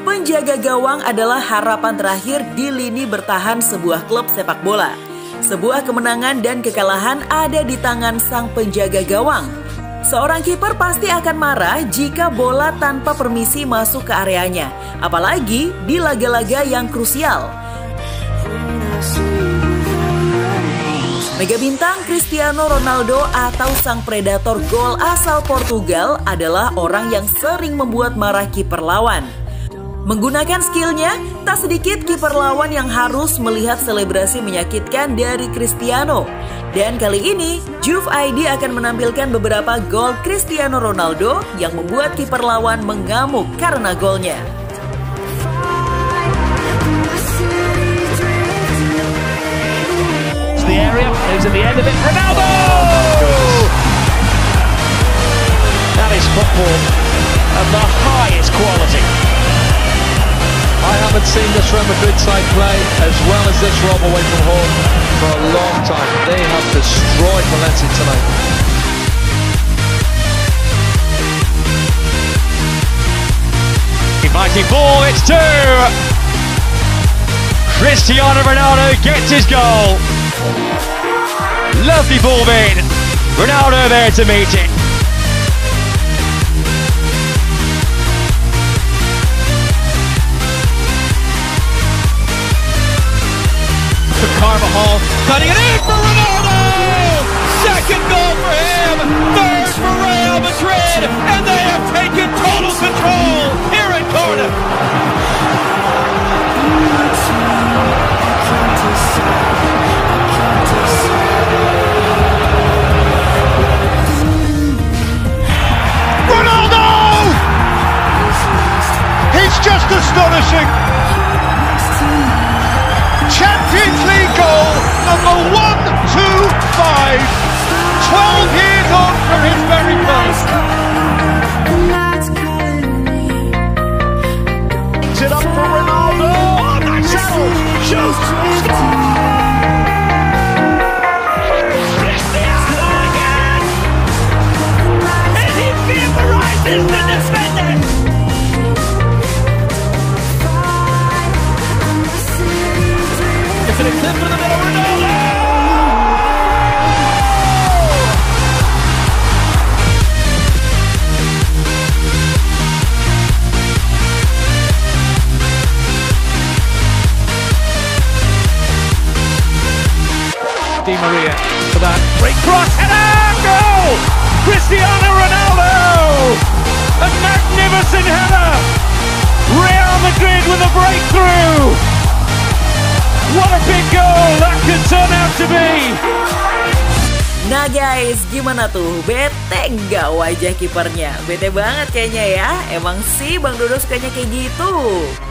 Penjaga gawang adalah harapan terakhir di lini bertahan sebuah klub sepak bola. Sebuah kemenangan dan kekalahan ada di tangan sang penjaga gawang. Seorang kiper pasti akan marah jika bola tanpa permisi masuk ke areanya, apalagi di laga-laga yang krusial. Mega bintang Cristiano Ronaldo atau sang predator gol asal Portugal adalah orang yang sering membuat marah kiper lawan. Menggunakan skillnya, tak sedikit kiper lawan yang harus melihat selebrasi menyakitkan dari Cristiano. Dan kali ini, Juve ID akan menampilkan beberapa gol Cristiano Ronaldo yang membuat kiper lawan mengamuk karena golnya. lives at the end of it. Ronaldo! Oh that is football of the highest quality. I haven't seen this Real Madrid side play as well as this rob away from home for a long time. They have destroyed Valencia tonight. Mighty ball, it's two! Cristiano Ronaldo gets his goal. Lovely ball in. Ronaldo there to meet it. Carvajal cutting it in for Ronaldo! Second goal! just astonishing. Champions League goal number 125. 12 years on from his it a clip the middle. Ronaldo! Di Maria for that great cross and a goal! Cristiano Ronaldo! What a big goal that could turn out to be. Nah guys, gimana tuh? Bete nggak wajah kipernya? Bete banget kayaknya ya. Emang sih Bang Dodo sukanya kayak gitu.